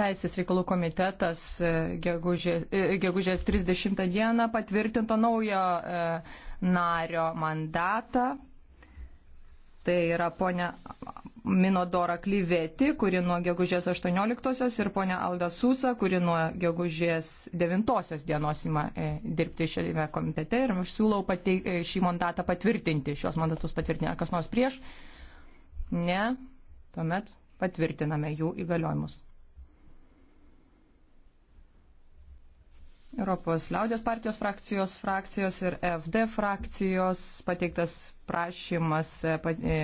Teisės reikalų komitetas e, e, gegužės, gegužės 30 dieną patvirtinto naujo e, nario mandatą. Tai yra ponia Minodora Klyvėti, kuri nuo gegužės 18-osios ir ponia Alda Susa, kuri nuo gegužės 9-osios dienos ima dirbti šiame komitete. Ir aš siūlau pateik, šį mandatą patvirtinti, šios mandatus patvirtinti. Ar kas nors prieš? Ne. Tuomet patvirtiname jų įgaliojimus. Europos liaudės partijos frakcijos frakcijos ir FD frakcijos pateiktas prašymas e, e,